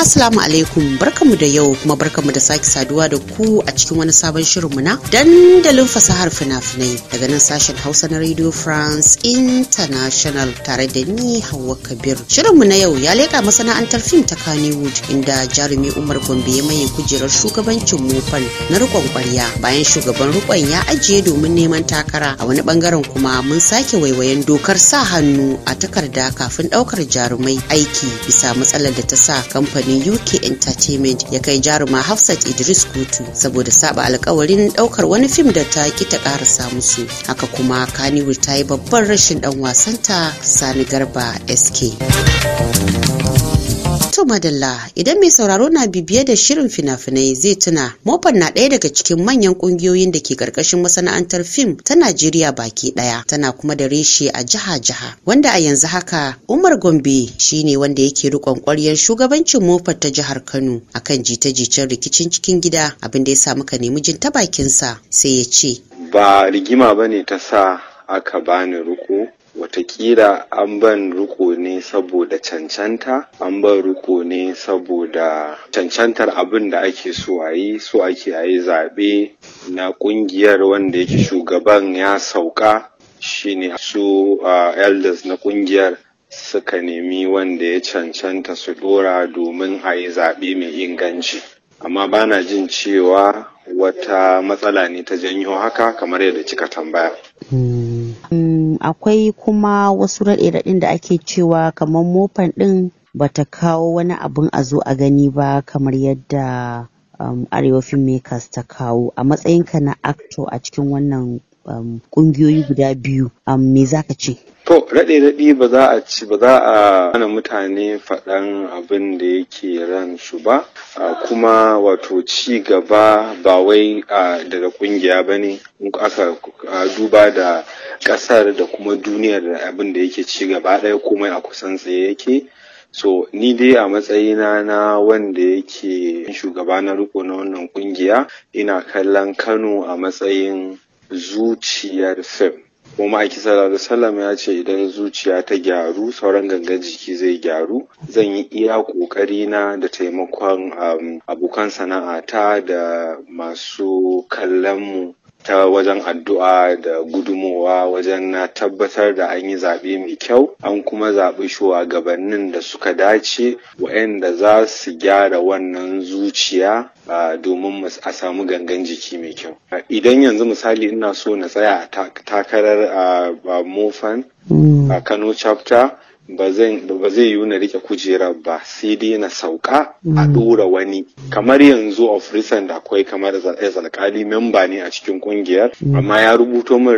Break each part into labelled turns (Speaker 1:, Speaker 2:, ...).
Speaker 1: assalamu alaikum barkamu da yau kuma barkamu da sake saduwa da ku a cikin wani sabon shirinmu na dandalin fasahar fina-finai daga nan sashen hausa na radio france international tare da ni Kabiru. kabir mu na yau ya leka masana'antar fim ta kannywood inda jarumi umar gombe ya maye kujerar shugabancin mofan na rikon kwarya bayan shugaban rikon ya ajiye domin neman takara a wani bangaren kuma mun sake waiwayen dokar sa hannu a takarda kafin ɗaukar jarumai aiki bisa matsalar da ta sa kamfani kamfanin uk entertainment ya kai jaruma hafsat idris kutu saboda saba alkawarin daukar wani fim da ta ki ta karasa musu haka kuma kaniwu ta yi babban rashin dan wasanta sani garba sk To madalla idan mai sauraro na bibiye da shirin fina-finai zai tuna mofar na ɗaya daga cikin manyan ƙungiyoyin da ke ƙarƙashin masana'antar fim ta Najeriya baki ɗaya tana kuma da reshe a jiha-jiha wanda a yanzu haka Umar Gombe shine wanda yake riƙon ƙwaryar shugabancin Mofar ta jihar Kano akan jita-jitar rikicin cikin gida abin da ya sa muka nemi jin ta bakinsa sai ya ce
Speaker 2: ba rigima bane ta sa aka bani riko watakila an ban riko ne saboda cancanta an ban riko ne saboda cancantar abin da ake so a yi so ake a yi zaɓe na ƙungiyar wanda yake shugaban ya sauka shine su elders na ƙungiyar suka nemi wanda ya cancanta su dora domin a yi zaɓe mai inganci amma bana jin cewa wata matsala ne ta janyo haka kamar yadda kika tambaya. Hmm.
Speaker 1: akwai kuma wasu raɗe-raɗin da ake cewa kamar mofan ɗin ta kawo wani abun a zo a gani ba kamar yadda um, arewa ta kawo a matsayinka na actor a cikin wannan um, kungiyoyi guda biyu um, me ka ce
Speaker 2: To raɗe raɗi ba za a ci ba za a hana mutane faɗan abin da yake ran su ba kuma wato ci gaba ba wai daga ƙungiya ba ne aka duba da ƙasar da kuma duniyar da abin da yake ci gaba ɗaya kuma a kusan tsaye yake so ni dai a matsayina na wanda yake shugaba na riko na wannan ƙungiya ina kallon kano a matsayin zuciyar fim kuma ma'aiki sallallahu sallam ya ce idan zuciya ta gyaru sauran gangan jiki zai gyaru zan yi iya kokari na da taimakon um, abokan sana'ata da masu kallon mu ta wajen addu'a da gudumowa wajen na tabbatar da an yi zaɓe mai kyau an kuma zaɓi shugabannin da suka dace waɗanda za su gyara wannan zuciya domin a samu gangan jiki mai kyau idan yanzu misali ina so na tsaya a takarar mofan a kano chapter ba zai yiwu na rike kujera ba sai dai na sauka a mm. ɗora wani kamar yanzu of recent akwai kamar alkali memba ne a cikin kungiyar mm. amma ya rubuto min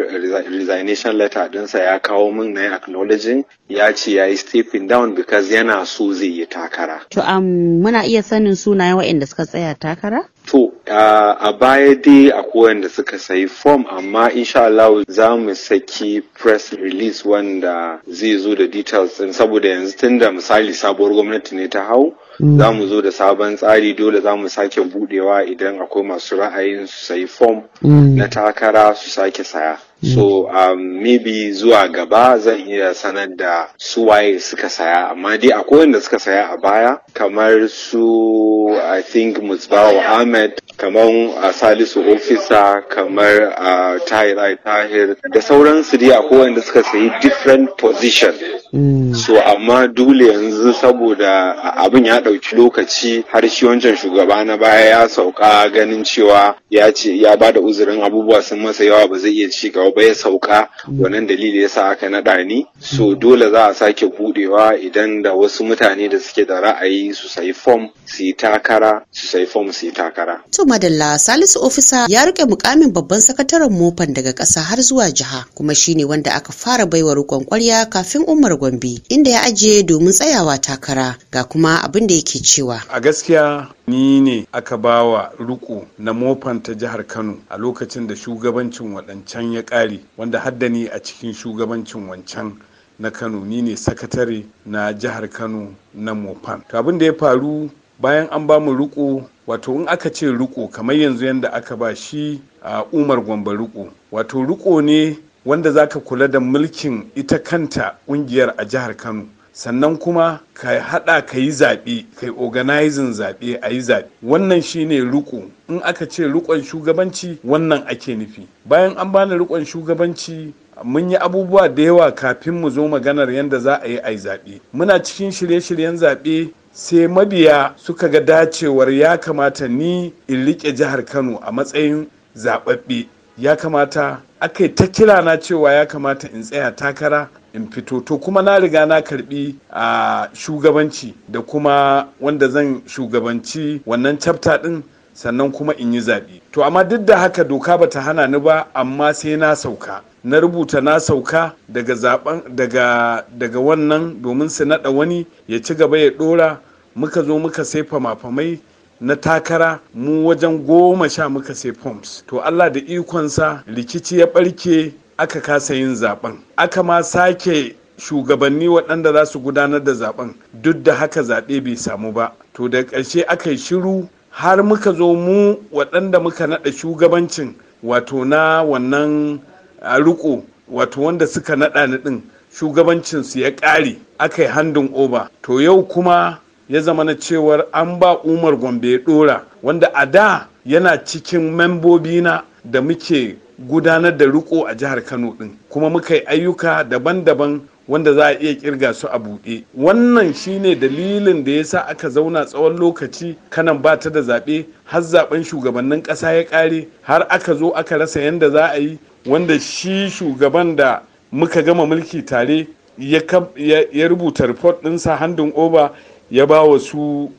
Speaker 2: resignation letter dinsa ya kawo min na acknowledging ya ce ya yi stepping down because yana so zai yi takara
Speaker 1: to um, muna iya sanin sunayen waɗanda suka tsaya takara
Speaker 2: To, a baya dai akwai wanda suka sayi form amma insha Allah za mu saki press release wanda zai zo da details din saboda yanzu tun da misali sabuwar gwamnati ne ta hau hmm. za mu zo da sabon tsari dole za mu sake budewa idan akwai masu ra'ayin su sayi form hmm. na takara su sake saya. so um, maybe zuwa gaba zan iya sanar da su waye suka saya amma dai akwai wanda suka saya a baya kamar su i think musbawa ahmed kamar uh, salisu ofisa kamar uh, tahir tahir da sauransu dai akwai wanda suka sayi different position Mm. so amma dole yanzu saboda abin ya ɗauki lokaci har shi wancan shugaba na baya ya sauka ganin cewa ya ce ya ba da uzurin abubuwa sun masa yawa ba zai iya ci gaba ba ya sauka mm. wannan dalili ya sa aka naɗa ni so mm. dole za a sake buɗewa idan da wasu mutane da suke da ra'ayi su sayi fom su yi takara su sayi fom su yi takara.
Speaker 1: to madalla salisu ofisa ya rike mukamin babban sakataren mofan daga ƙasa har zuwa jiha kuma shine wanda aka fara baiwa rukon kwarya kafin umar Gombe inda ya ajiye domin tsayawa takara ga kuma abin da yake cewa.
Speaker 3: A gaskiya ni ne aka bawa riko na mofan ta jihar Kano a lokacin da shugabancin waɗancan ya ƙare wanda haddani a cikin shugabancin wancan na Kano ni ne sakatare na jihar Kano na mofan. To abin da ya faru bayan an ba mu riko wato in aka ce riko kamar yanzu yadda aka ba shi a umar gwamba riko wato riko ne wanda za ka kula da mulkin ita kanta ƙungiyar a jihar kano sannan kuma ka haɗa ka yi zaɓe ka yi organizing zaɓe a yi zaɓe wannan shine ruku in aka ce rukon shugabanci wannan ake nufi bayan an bani rukon shugabanci mun yi abubuwa da yawa kafin mu zo maganar yadda za a yi a yi zaɓe muna cikin shirye-shiryen zaɓe sai mabiya suka ga dacewar ya kamata ni in riƙe jihar kano a matsayin zaɓaɓɓe ya kamata aka yi ta kira na cewa ya kamata in tsaya takara in fito to kuma na riga na karbi a shugabanci da kuma wanda zan shugabanci wannan chapter din sannan kuma in yi zaɓe to amma duk da haka doka bata hana ni ba amma sai na sauka na rubuta na sauka daga zaben daga daga wannan domin su naɗa wani ya ci gaba ya ɗora muka zo muka sai fama-famai na takara mu wajen goma sha muka sai forms to allah da ikonsa rikici ya barke aka kasa yin zaben aka ma sake shugabanni waɗanda za su gudanar da zaben duk da haka zaɓe bai samu ba to da ƙarshe aka yi shiru har muka zo mu waɗanda muka naɗa shugabancin wato na wannan riko wato wanda suka naɗa ni ɗin shugabancinsu ya ƙare aka yi handin oba to yau kuma ya zama na cewar an ba umar gombe ya dora wanda a da yana cikin membobi na da muke gudanar da riko a jihar kano din kuma muka yi ayyuka daban-daban wanda za a iya kirga su a buɗe wannan shine dalilin da ya sa aka zauna tsawon lokaci kanan ba ta da zaɓe har zaɓen shugabannin ƙasa ya ƙare har aka zo aka rasa yadda za a yi wanda shi shugaban da muka gama mulki tare ya rubuta report ɗinsa handin oba ya ba wa su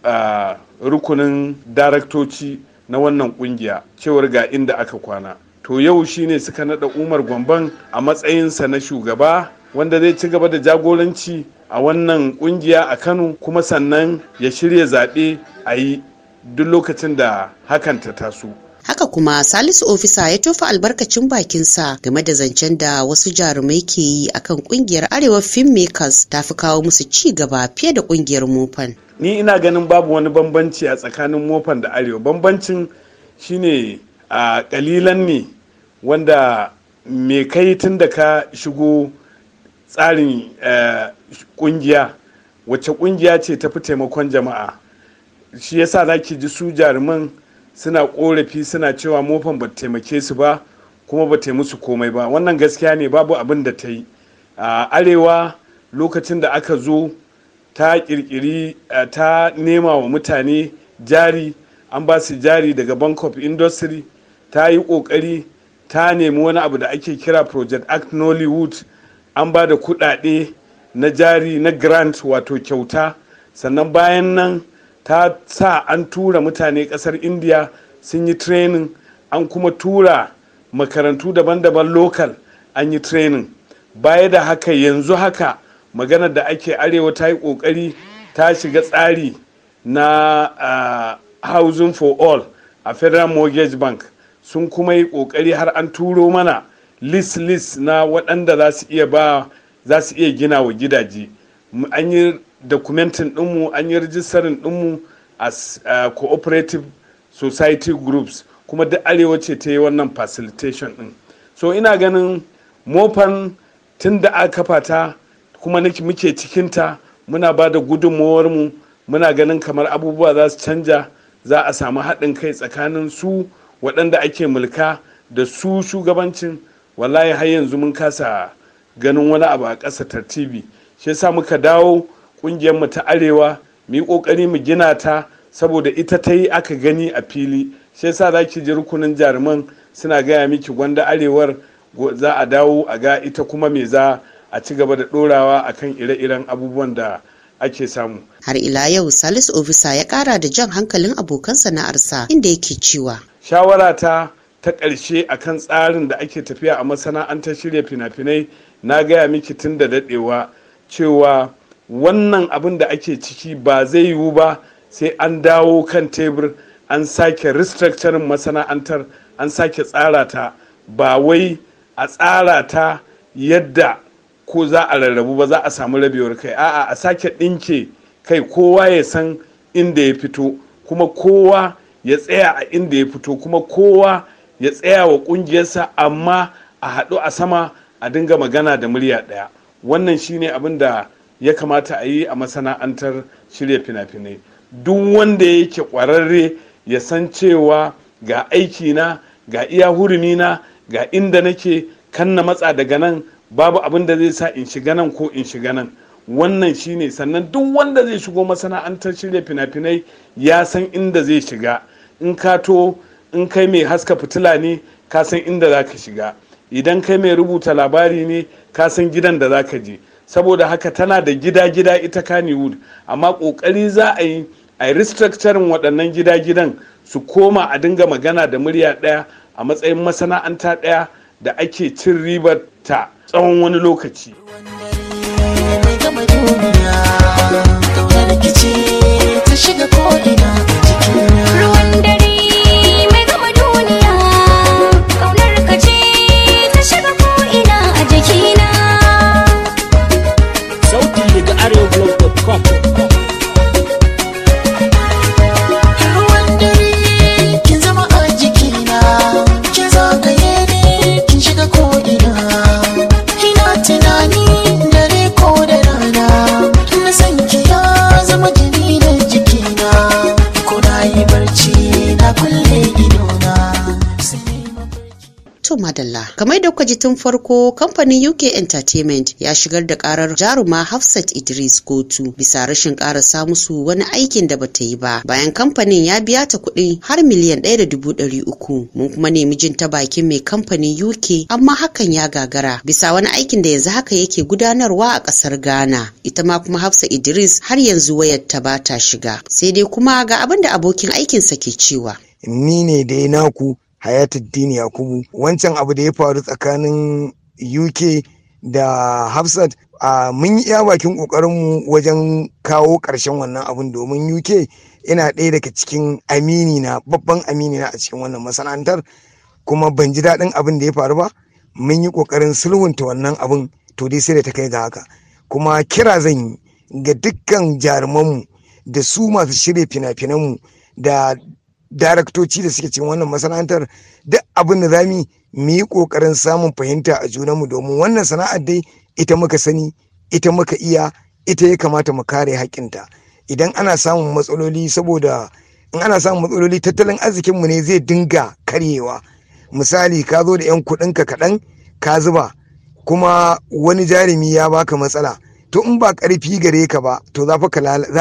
Speaker 3: rukunin daraktoci na wannan kungiya cewar ga inda aka kwana to yau shine suka nada umar gwamban a matsayinsa na shugaba wanda zai ci gaba da jagoranci a wannan kungiya a kano kuma sannan ya shirya zaɓe a yi duk lokacin da hakan ta taso
Speaker 1: haka kuma salisu ofisa ya tofa albarkacin bakinsa game da zancen da wasu jarumai ke yi akan kungiyar arewa filmmakers ta fi kawo musu ci gaba fiye da kungiyar mofan
Speaker 3: ni ina ganin babu wani bambanci a tsakanin mofan da arewa bambancin shine a kalilan ne wanda me kai tun da ka shigo tsarin kungiya e, wacce kungiya ce ta fi taimakon jama'a shi yasa za ki ji su jaruman suna korafi suna cewa mofan ba taimake su ba kuma ba musu komai ba wannan gaskiya ne babu abin da ta yi a arewa lokacin da aka zo ta kirkiri ta nema wa mutane jari an ba su jari daga bank of industry ta yi kokari ta nemi wani abu da ake kira project act nollywood an ba da kudade na jari na grant wato kyauta sannan bayan nan ta sa an tura mutane kasar india sun yi training an kuma tura makarantu daban-daban lokal an yi training baya da haka yanzu haka magana da ake arewa ta yi kokari ta shiga tsari na uh, housing for all a federal mortgage bank sun kuma yi kokari har an turo mana list list na waɗanda za su iya gina wa gidaje an yi dokumentin ɗinmu an yi rijistarin ɗinmu as cooperative society groups kuma duk arewa ce ta yi wannan facilitation ɗin so ina ganin mofan tun da aka fata kuma muke cikinta muna ba da mu muna ganin kamar abubuwa za su canja za a samu haɗin kai tsakanin su waɗanda ake mulka da su shugabancin wallahi har yanzu mun kasa ganin wani abu a ƙasa tartibi shi yasa muka dawo kungiyar mu ta arewa mu yi kokari mu gina ta saboda ita ta yi aka gani a fili shi yasa za ki ji rukunin jaruman suna gaya miki gwanda arewar za a dawo a ga ita kuma me za a ci gaba da dorawa akan ire-iren abubuwan da ake samu.
Speaker 1: Har ila yau salisu Ofisa ya kara da jan hankalin abokan sana'arsa inda yake cewa.
Speaker 3: Shawara ta ta ƙarshe akan tsarin da ake tafiya a masana'antar shirya fina-finai na gaya miki tun da daɗewa cewa wannan abin da ake ciki ba zai yiwu ba sai an dawo kan tebur an sake restructuring masana'antar an sake tsara ta ba wai a tsara ta yadda ko za a rarrabu ba za a samu rabewar kai a'a a sake ɗinke kai kowa ya san inda ya fito kuma kowa ya tsaya a inda ya fito kuma kowa ya tsaya wa ƙungiyarsa amma a haɗu a sama a dinga magana da murya ɗaya wannan shine abin da ya kamata a yi a masana'antar shirya fina-finai duk wanda yake kwararre ya san cewa ga aikina ga iya hurumina ga inda nake kanna matsa daga nan babu abin da zai sa in shiga nan ko in shiga nan wannan shine sannan duk wanda zai shigo masana'antar shirya fina-finai ya san inda zai shiga in ka in kai mai haska fitila ne ka san inda za ka shiga idan kai mai rubuta labari ne ka san gidan da zaka je saboda haka tana da gida-gida ita kaniwood amma kokari za a yi a restructuring waɗannan gida-gidan su koma a dinga magana da murya ɗaya a matsayin masana'anta ɗaya da ake cin ribar ta tsawon wani lokaci.
Speaker 1: lokaci tun farko kamfanin UK Entertainment ya shigar da karar jaruma Hafsat Idris kotu bisa rashin kara musu wani aikin da bata yi ba bayan kamfanin ya biya ta kuɗi har miliyan ɗaya da dubu ɗari uku mun kuma nemi jin ta bakin mai kamfanin UK amma hakan ya gagara bisa wani aikin da yanzu haka yake gudanarwa a ƙasar Ghana ita ma kuma Hafsat Idris har yanzu wayar ta ba ta shiga sai dai kuma ga abin da abokin aikinsa ke cewa
Speaker 4: ni ne dai naku hayatuddin yakubu wancan abu da ya faru tsakanin uk da hafsat a mun yi iya bakin ƙoƙarinmu wajen kawo ƙarshen wannan abun domin uk ina ɗaya daga cikin amini na babban amini na a cikin wannan masana'antar kuma ban ji daɗin abin da ya faru ba mun yi ƙoƙarin sulhunta wannan abin to dai sai da ta kai ga haka kuma kira zan yi ga dukkan jarumanmu da su masu shirya fina-finanmu da daraktoci da suke cikin wannan masana'antar duk abin da zamu mu yi kokarin samun fahimta a mu. domin wannan sana'ar dai ita muka sani ita muka iya ita ya kamata mu kare haƙƙinta idan ana samun matsaloli saboda in ana samun matsaloli tattalin arzikinmu ne zai dinga karyewa misali ka zo da 'yan kuɗinka kaɗan ka zuba kuma wani jarumi ya baka matsala to in ba ƙarfi gare ka ba to za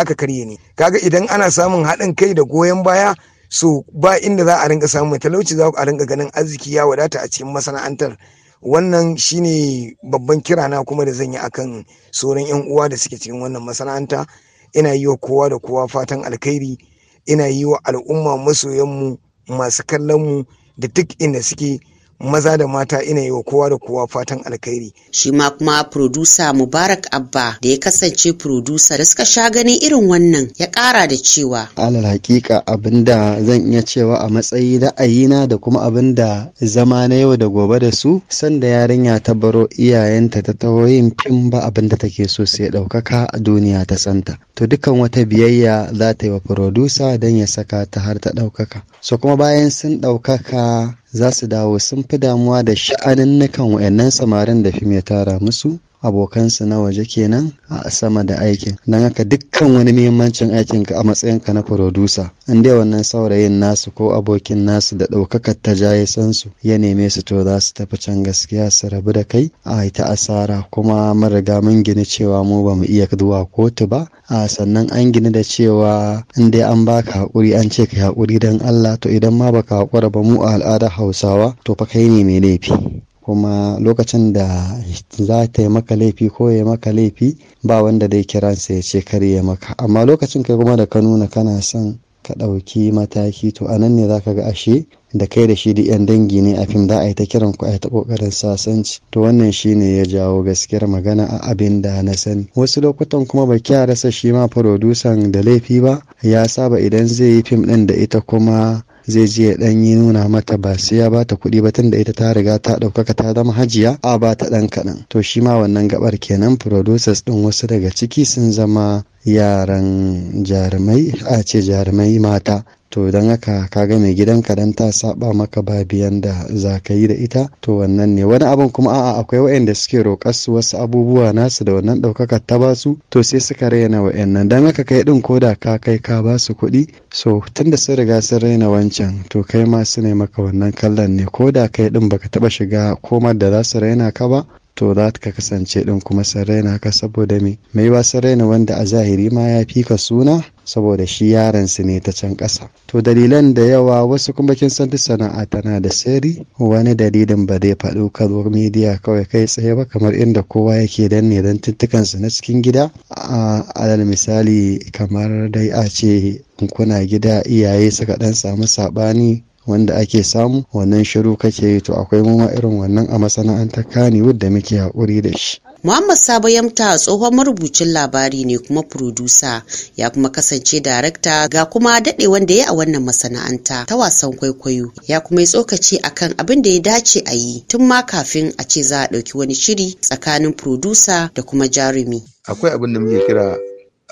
Speaker 4: ka karye ne kaga idan ana samun haɗin kai da goyon baya so ba inda za a rinka samun talauci za a rinka ganin arziki ya wadata a cikin masana'antar wannan shine babban kirana kuma da zan yi akan sauran yan uwa da suke cikin wannan masana'anta ina yi wa kowa da kowa fatan alkhairi ina yi wa al'umma masoyanmu masu kallonmu
Speaker 1: da duk inda suke maza da mata ina yi wa kowa da kowa fatan alkhairi. Shi ma kuma producer Mubarak Abba da ya kasance producer da suka sha ganin irin wannan ya kara da cewa.
Speaker 5: Alal hakika abin da zan iya cewa a matsayi ra'ayina da kuma abin da zama na yau da gobe da su sanda yarinya ta baro iyayenta ta taho yin fim ba abin da take so sai ɗaukaka a duniya ta santa. To dukkan wata biyayya za ta yi wa producer don ya saka ta har ta ɗaukaka. So kuma bayan sun ɗaukaka za su dawo sun fi damuwa da sha'aninnukan waɗannan samarin da fim ya tara musu abokansu na waje kenan a sama da aikin don haka dukkan wani muhimmancin aikin ka a matsayin ka na furodusa in dai wannan saurayin nasu ko abokin nasu da ɗaukakar ta jaye sansu ya neme su to za su tafi can gaskiya su rabu da kai a ta asara kuma mun riga mun gini cewa mu ba mu iya zuwa kotu ba a sannan an gini da cewa in dai an baka haƙuri an ce ka haƙuri don Allah to idan ma baka haƙura ba mu a al'adar Hausawa to fa kai ne mai laifi kuma lokacin da za ta yi maka laifi ko ya maka laifi ba wanda dai kiransa ya ce kar ya maka amma lokacin kai kuma da ka nuna kana son ka ɗauki mataki to a nan ne za ka ga ashe da kai da shi duk 'yan dangi ne a fim za a yi ta kiran ku a yi ta kokarin sasanci to wannan shi ne ya jawo gaskiyar magana a abin da na sani wasu lokutan kuma ba kya rasa shi ma furodusan da laifi ba ya saba idan zai yi fim ɗin da ita kuma zai je ya dan yi nuna mata ba sai ya bata kuɗi ba tunda ita ta riga ta ɗaukaka ta zama hajiya a ba ta ɗan kaɗan to shi ma wannan gaɓar kenan producers ɗin wasu daga ciki sun zama yaran jarumai a ce jarumai mata to don haka ga mai gidanka dan ta saba maka ba biyan da za ka yi da ita to wannan ne wani abin kuma a'a akwai waɗanda suke roƙar su wasu abubuwa nasu da wannan ɗaukaka ta ba su, to sai suka raina waɗannan don haka kai ɗin ko da ka kai ka ba su kuɗi so tun da sun riga sun raina wancan to kai ma su ne maka wannan kallon ne ko da kai ɗin baka taɓa shiga komar da za su raina ka ba to za ka kasance ɗin kuma sun raina ka saboda me mai ba raina wanda a zahiri ma ya fi ka suna saboda shi yaran su ne ta can ƙasa to dalilan da yawa wasu kuma kin san duk sana'a tana da sirri wani dalilin ba zai faɗo karuwar midiya kawai kai tsaye ba kamar inda kowa yake dan ne don tuntukan su na cikin gida a alal misali kamar dai a ce kuna gida iyaye suka dan samu saɓani wanda ake samu wannan shiru kake yi to akwai mu irin wannan a masana'antar kaniwood da muke haƙuri da shi
Speaker 1: Muhammad Sabo Yamta tsohon marubucin labari ne kuma furodusa ya kuma kasance darakta ga kuma daɗe wanda ya a wannan masana'anta ta wasan kwaikwayo ya kuma yi tsokaci akan abin da ya dace a yi tun ma kafin a ce za a ɗauki wani shiri tsakanin furodusa da kuma jarumi.
Speaker 6: Akwai abin da muke kira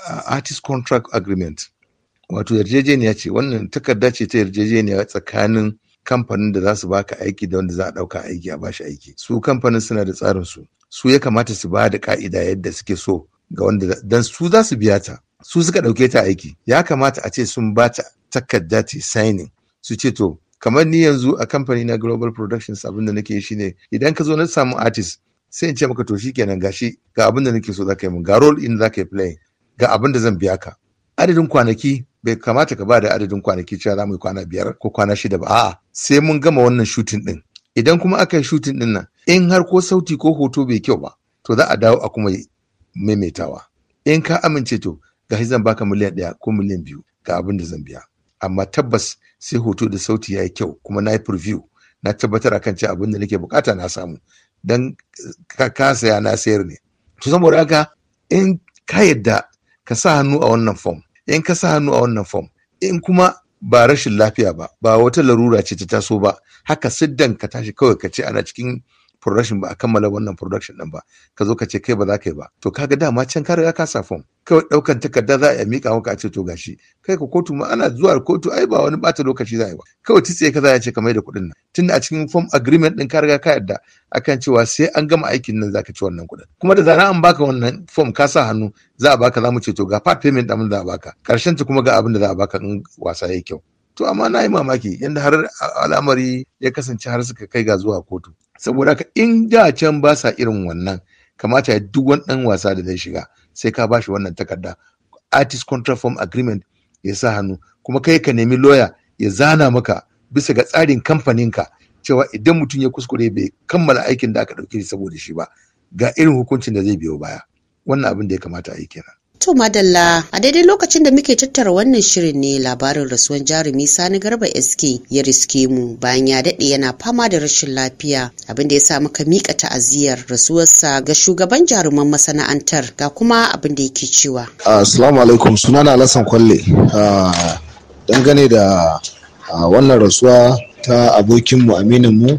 Speaker 6: uh, artist contract agreement wato yarjejeniya ce wannan takarda ce ta yarjejeniya tsakanin kamfanin da za su baka aiki da wanda za a ɗauka aiki a bashi aiki su kamfanin suna da tsarin su su ya kamata su ba da ka'ida yadda suke so ga wanda dan su za su biya ta su suka ɗauke ta aiki ya kamata a ce sun ba ta takarda ta signing su ce to kamar ni yanzu a kamfani na global productions abin da nake shine idan ka zo na samu artist sai in ce maka to shikenan gashi ga abin da nake so za ka yi mun ga role in za ka yi playing ga abin da zan biya ka adadin kwanaki bai kamata ka ba da adadin kwanaki cewa za mu yi kwana biyar ko kwana shida ba a'a sai mun gama wannan shutin din idan kuma aka yi shutin din nan in har ko sauti ko hoto bai kyau ba to za a dawo a kuma maimaitawa in ka amince to ga zan baka miliyan ɗaya ko miliyan biyu ga abin da zan biya amma tabbas sai hoto da sauti ya yi kyau kuma na yi preview na tabbatar akan cewa abin da nake bukata na samu dan ka saya na sayar ne to saboda haka in ka yadda ka sa hannu a wannan form in ka sa hannu a wannan fom, in kuma ba rashin lafiya ba ba wata larura ce ta taso ba haka siddan ka tashi kawai ka ce ana cikin production ba a kammala wannan production din ba ka zo ka ce kai ba za ka yi ba to kaga dama can ka riga ka sa form kawai daukan takarda za a mika maka a ce to gashi kai ka kotu ma ana zuwa kotu ai ba wani bata lokaci za a yi ba kawai titse ka za a ce ka mai da kuɗin nan tunda a cikin form agreement ɗin ka riga ka yarda akan cewa sai an gama aikin nan za ka ci wannan kuɗin kuma da zaran an baka wannan form ka sa hannu za a baka za mu ce to ga part payment za a baka karshen ta kuma ga abin da za a baka in wasa ya yi kyau to amma na yi mamaki yadda har al'amari ya kasance har suka kai ga zuwa kotu saboda ka in da can ba sa irin wannan kamata ya duk wani dan wasa da zai shiga sai ka bashi wannan takarda artist contract form agreement ya sa hannu kuma kai ka nemi lawyer ya zana maka bisa ga tsarin kamfanin ka cewa idan mutum ya kuskure bai kammala aikin da aka ɗauke shi saboda shi ba ga irin hukuncin da zai biyo baya wannan abin da ya kamata a yi kenan
Speaker 1: To madalla a daidai lokacin da muke tattara wannan shirin ne labarin rasuwan jarumi Sani Garba SK ya riske mu bayan ya daɗe yana fama da rashin lafiya abin da ya sa muka miƙa ta'aziyar rasuwarsa ga shugaban jaruman masana'antar ga kuma abin da yake cewa.
Speaker 7: Assalamu alaikum sunana Alhassan Kwalle ah, dangane da ah, wannan rasuwa ta abokinmu aminin mu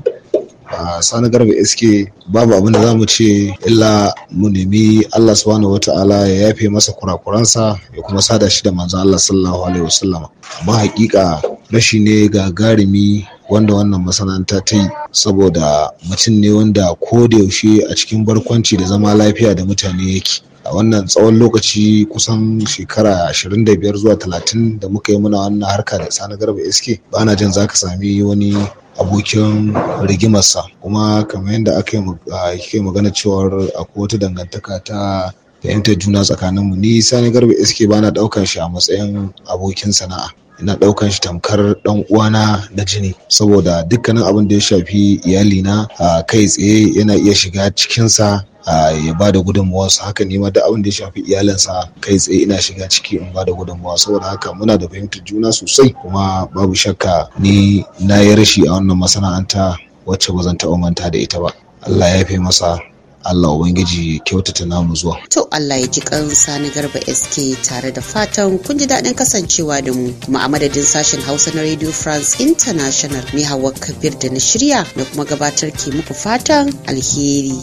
Speaker 7: sani garba sk babu abin da za mu ce illa mu nemi allah subhanahu ya yafe masa kurakuransa ya kuma sada shi da manza allah sallallahu alaihi wasallama amma hakika rashi ne gagarumi wanda wannan masana'anta ta yi saboda mutum ne wanda ko da yaushe a cikin barkwanci da zama lafiya da mutane yake a wannan tsawon lokaci kusan shekara 25 zuwa 30 da muka yi muna wannan harka da sani garba sk ba na jin za ka sami wani abokin rigimarsa kuma kamar yadda aka yi magana cewar akwai wata dangantaka ta Fahimtar juna tsakanin mu ni sani garba iske bana ɗaukar shi a matsayin abokin sana'a ina daukar shi tamkar dan uwana na jini saboda dukkanin abin da ya shafi iyalina kai tsaye yana iya shiga cikinsa ya bada da sa, haka ne ma da abin da ya shafi iyalinsa kai tsaye ina shiga ciki in bada da saboda haka muna da fahimtar juna sosai kuma babu shakka ni na yi rashi a wannan masana'anta wacce ba zan taɓa manta da ita ba Allah ya fi masa Allah Ubangiji kyautata namu zuwa.
Speaker 1: To Allah ya ji kan Sani Garba SK tare da fatan kun ji daɗin kasancewa da mu kuma a madadin sashen Hausa na Radio France International ni Hawa Kabir da na shirya na kuma gabatar ke muku fatan alheri.